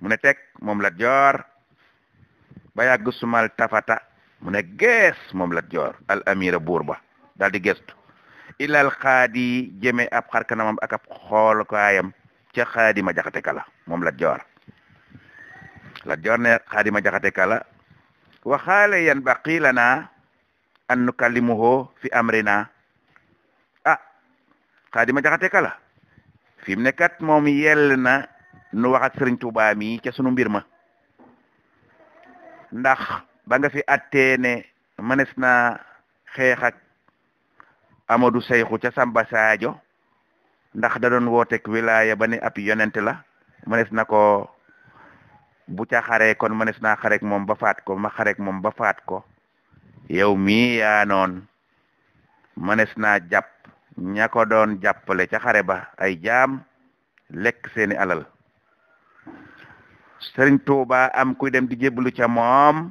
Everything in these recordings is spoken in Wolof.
mu ne teg moom Lat Joor ba yàgg sumal tafata mu ne gees moom Lat Joor al amira buur ba daal di gestu ilal xaadi jëme ab xar kanamam ak xool kaayam ca xaadima jaxate kala moom Lat Joor Lat Joor ne xaadima jaxate kala waxaale yan baqi lana an nukallimuhu fi amrina ah xaadima jaxate kala fi ne kat moom yell nu wax ak Serigne Touba mi ca sunu mbir ma ndax ba nga fi attee ne mënees na xeex ak Amadou Seyxu ca Samba ndax da doon wooteeg wilaya ba ne ab yonent la mënees na ko bu ca xaree kon mënees naa xareek moom ba faat ko ma xareek moom ba faat ko yow mii noon mënees naa jàpp ña ko doon jàppale ca xare ba ay jaam lekk seeni alal sëriñ tuuba am kuy dem di jébbalu ca moom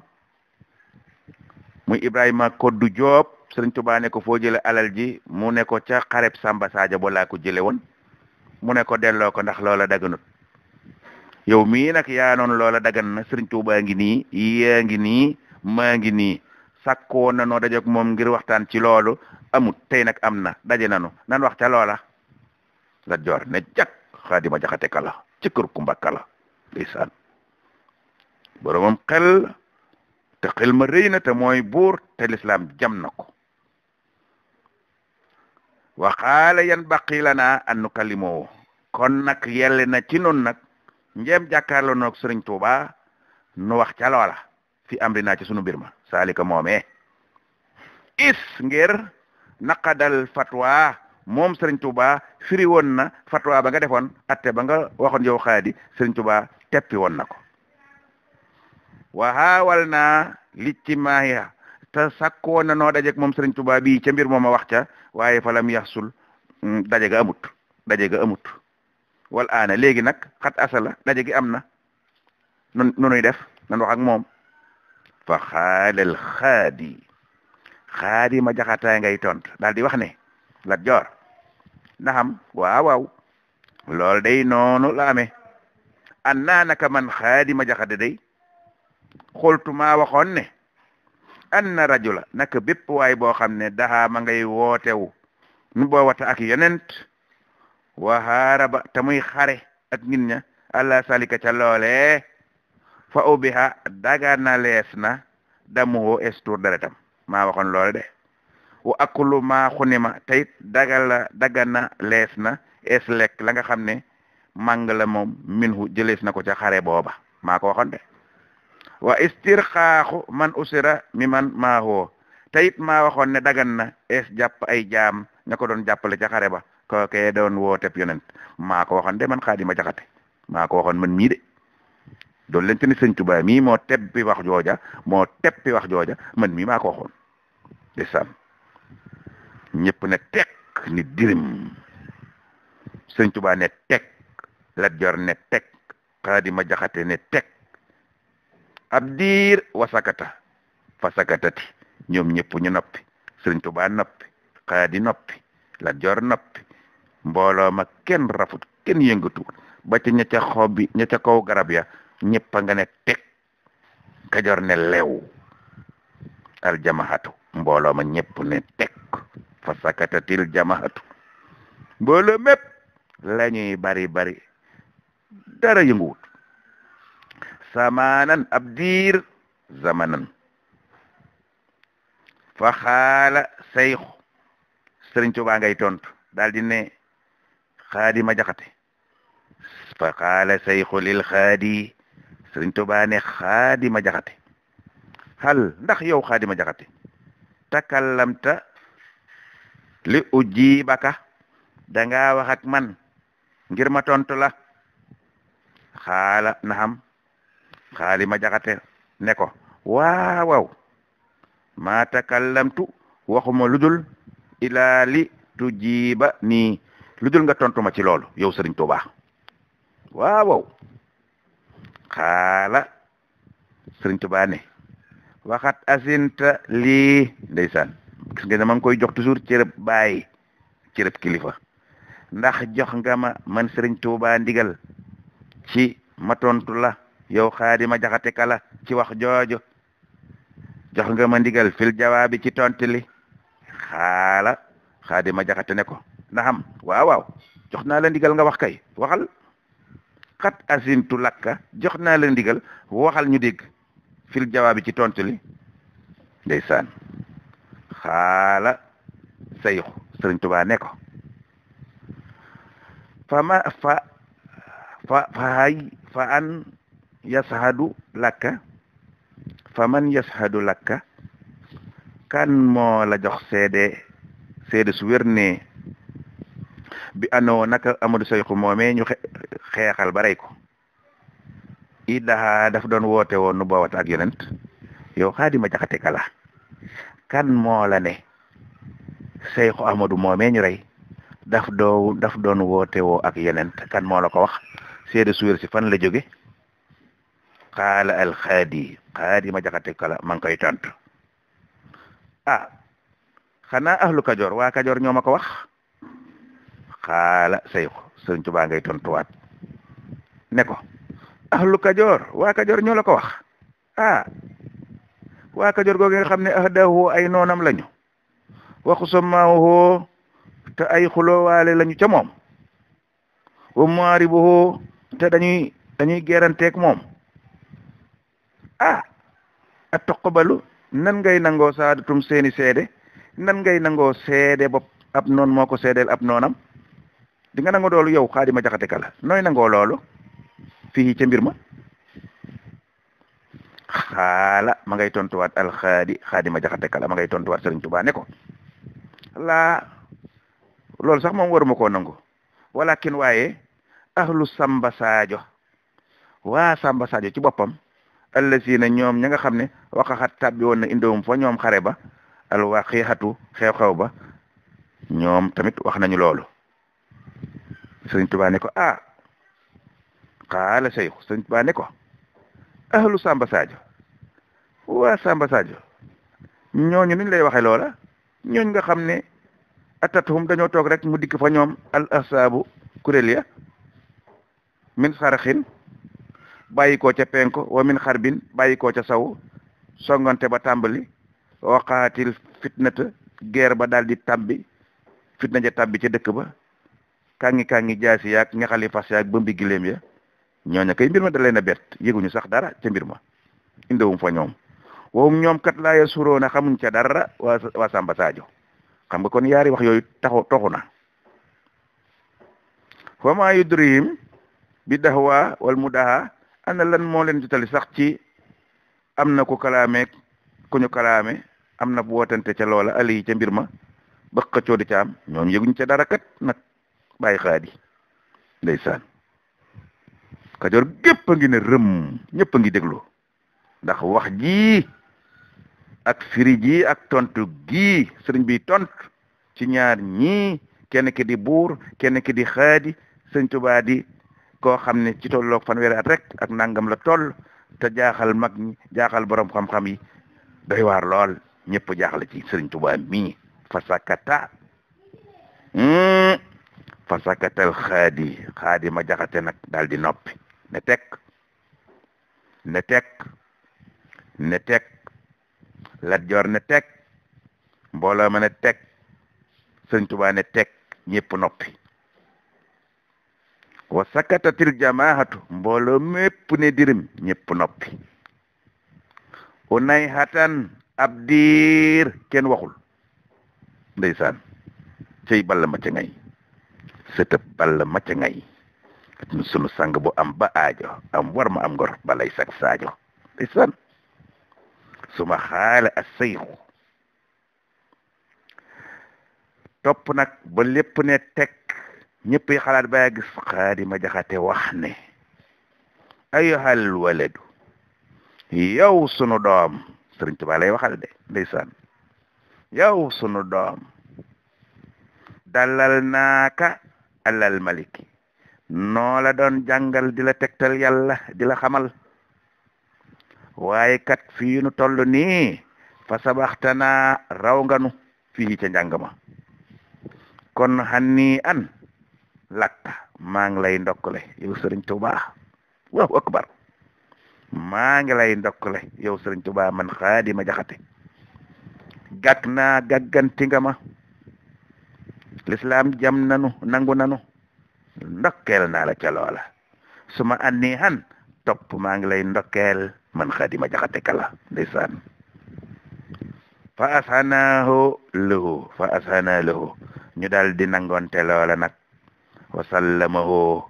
muy Ibrahima Koddu Diop sëriñ Touba ne ko foo jële alal ji mu ne ca xareb Samba Sadio ba laa ko jële woon mu ne ko delloo ko ndax loola daganut yow mii nag yaa noonu loola dagan na sëriñ Touba ngi nii yaa ngi nii maa ngi nii sàkkoo na noo moom ngir waxtaan ci loolu amut tey nag am na daje nanu nan wax ca loola la joor ne jak xaadima jaxate kala ci kër kumba kala ndeysaan boromam xel te xel ma rëy na te mooy buur te lislaam jam na ko wa xaala yan baqi lanaa an nu kon nag yelle na ci noonu nag njeem jàkkaarloo noog sëriñ Tuuba nu wax ca loola fi amri naa ci sunu mbir ma saalika moomee is ngir naqadal fatwa moom sëriñ Tuuba firi woon na fatwa ba nga defoon atte ba nga waxoon yow xaadi sëriñ Tuuba teppi woon na ko wa haawal naa lijtimaahiha te sakkoo na noo dajeg moom Sëriñ Tuubaa bi ca mbir mooma wax ca waaye falam yaxsul mm, daje ga amut daje ga amut wal aana léegi nag xat asala daje gi am na nu nuy def nan wax ak moom fa xaalal xaadi xaadi ma jaxataay ngay tont daal di wax ne Lat Joor naxam waaw waaw loolu day noonu la amee an naa naka man xaadi ma jaxate day xultu ma waxoon ne anna rajula naka bépp waay boo xam ne daxaa ma ngay wootewu nu boowata ak yonent wa haaraba te muy xare ak nit ña allah ca loole fa ubiha daga na lees na damuwoo estour deretam maa waxoon loole de wa akulu ma xunima tayit dagala daga na lees na es lekk la nga xam ne màng la moom minhu jëlees na ko ca xare booba maa waxoon de wa xaaxu man usira mi man maahoo te it maa waxoon ne dagan na es jàpp ay jaam ña ko doon jàppale ca xare ko kookee doon wooteb yonent maa ko waxoon de man xaadima jaxate maa ko waxoon man mii de doon leen te ni sëñ Tuubaa mii moo tebbi wax jooja moo tebbi wax jooja man mii maako ko waxoon desam ñëpp ne tekk ni dirim sëñ Tuubaa ne tekk Lat ne tekk xaadima jaxate ne tekk ab diir wasakata fa ñoom ñëpp ñu noppi Sëriñ Tuubaa noppi xaadi noppi la noppi mbooloo ma kenn rafut kenn yëngatuwul ba ca ña kaw garab ya ñëpp a nga ne teg Kajoor ne lew aljamahatu mbooloo ma ñëpp ne teg fa sakatatil jamahatu mbooloo bari bari dara yënguwul samanan ab diir zamanan fa xaala sayxu sëriñ Tuubaa ngay tontu daal di ne jaxate fa xaala sayxu lil xaadi sëriñ Tuubaa ne xaadima jaxate hal ndax yow xaadima jaxate takallamta li ujibaka da ngaa wax man ngir ma la xaala naxam xaali ma jaxate ne ko waaw waaw ma takallamtu waxuma ludul ilaa li tujiiba nii ludul nga tontuma ci loolu yow sëriñ Tuubaa waaw waaw xaala sëriñ Tuubaa ne waxat asinta lii ndeysaan gis nga ne ma ngi koy jox toujours cërëb bàyyi cërëb kilifa ndax jox nga man sëriñ Tuubaa ndigal ci ma tontu la yow xaadima jaxate kala ci wax jooju jox nga ma ndigal fil jawaabi ci tontu li xaala xaadima jaxate ne ko naam waaw jox naa la ndigal nga wax kay waxal xat asintu lakka jox naa la ndigal waxal ñu dégg fil jawaabi ci tontu li ndeysaan xaala sayxu sëriñ tubaa ko fa ma fa fa fa an yashadu lakka fa man yashadu lakka kan moo la jox seede seede su wér ne bi anoo naka amadou sayxu moomee ñu xeexal ba rey ko i daxa daf doon woote woon nu boowat ak yonent yow xaadima jaxate kala kan moo la ne sayxu amadou moomee ñu rey daf doo daf doon woote woo ak yonent kan moo la ko wax seede su wér si fan la jóge qaala alxaadi xaadi ma jaxate kala ma ngi koy tontu ah xanaa ahlu kajoor waa kajoor ñoo ma ko wax xaala sayxu sëriñ Tuubaa ngay tontuwaat ne ko ahlu kajoor waa kajoor ñoo la ko wax ah waa kajoor googu nga xam ne ahdahu ay noonam lañu waxu samaahu te ay xuloowaale lañu ca moom wa muaribuhu te dañuy dañuy geranteeg moom ah a toqabalu nan ngay nangoo saadatum seeni seede nan ngay nangoo seede bopp ab noon moo ko seedeel ab noonam di nga nango doolu yow xaadima jaxate kala nooy nangoo loolu fii ca mbir ma xaala ma ngay tontuwaat alxaadi xaadima jaxate kala ma ngay tontuwaat Sëriñ Tuubaa ne ko laa loolu sax moom waruma koo nangu walakin waaye ahlu samba saajo wa samba saajo ci boppam allazina ñoom ña nga xam ne waqaxat tàbbi woon na indowum fa ñoom xare ba alwaqixatu xew-xew ba ñoom tamit wax nañu loolu sëriñ Tuubaa ne ko a ah, qaala seyxu sëriñ Tuubaa ne ko ahlu Samba Sadio ñooñu nuñ lay waxe loola ñooñ nga xam ne atatuhum dañoo toog rek mu dikk fa ñoom al asaabu kuréel ya min xaraxin bàyyi koo ca penku wa min xarbin bàyyi koo ca saw songante ba tàmbali waqaatil fitnata guerre ba daal di tàmbi fitna ja tàmbi ca dëkk ba kangi kangi jaasi yaag ñaxali fas yaag ba mbi gileem ya ñooña kay mbir ma da leen a bett yëguñu sax dara ca mbir ma indewum fa ñoom wowum ñoom kat laaya suróona xamuñ ca dara waa waa Samba Sadio xam nga kon yaari wax yooyu taxu toxu na fa maa yudrihim bi daxwaa wal mudaha ana lan moo leen jotali sax ci am na ku kalaameeg ku ñu kalaame am na bu wootante ca loola ali ca mbir ma ba xëccoo di ca am ñoom yëguñ ca dara kat nag bàyyi xaadi ndeysaan kajoor gépp a ngi ne rëm ñëpp ngi déglu ndax wax ji ak firi ak tontu gi sëriñ bi tont ci ñaar ñi kenn ki buur kenn ki di xaadi sëriñ Tuubaa koo xam ne ci tolloog fanweeri at rek ak nangam la tol te jaaxal mag ñi jaaxal borom xam-xam yi day waar lool ñëpp jaaxle ci Serigne Touba mii fasakata hmm. fasakatal xaadi xaadi ma jaxate nag daal di noppi ne teg ne teg ne teg Lat Joor ne teg mbooloo teg Serigne noppi wa sakatatil jamaahatu mbooloo mépp ne dirim ñépp noppi unay hatan ab kenn waxul ndeysaan cey balla ma ca ngay sëtëb balla ma ca ngay sunu sang bu am ba aajo am war ma am ngor balay sak saajo ndeysaan suma xaala a seyxu topp nag ba lépp ne tek ñëpp yi xalaat ba gis xaadima jaxate wax ne ayyuhal waladu yow sunu doom sëriñ Tuubaa lay waxal de ndeysaan yow sunu doom dalal naaka alal maliki noo la doon jàngal di la tegtal yàlla di la xamal waaye kat fii nu toll nii fa sabaxtanaa raw nganu fii ca njàng ma kon xan an latta maa ngi lay ndokkale yow sëriñ tubaa waaw akbar maa ngi lay ndokkale yow sëriñ tubaa man xaadima jaxate gàkk naa gàgganti nga ma lislaam jam nanu nangu nanu ndokkeel naa la ca loola su ma annii topp maa ngi lay ndokkel man xaadima jaxate kala ndeysaan fa ashanaahu lahu fa ashanaa lahu ñu daal di nangoonte loola nag wasallamahu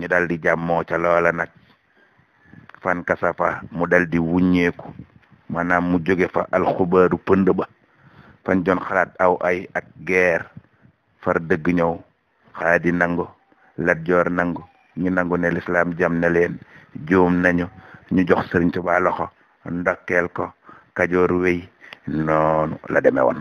ñu daldi di jàmmoo ca loola nag fan kasafa mu dal di wuññeeku maanaam mu jóge fa alxubaaru pënd ba fan doon xalaat aw ay ak guerre far dëgg ñëw xaadi nangu Lat nangu ñu nangu ne lislaam jam ne leen juum nañu ñu jox Sëriñ Tuubaa loxo ndokkeel ko Kajoor wéy noonu la demee woon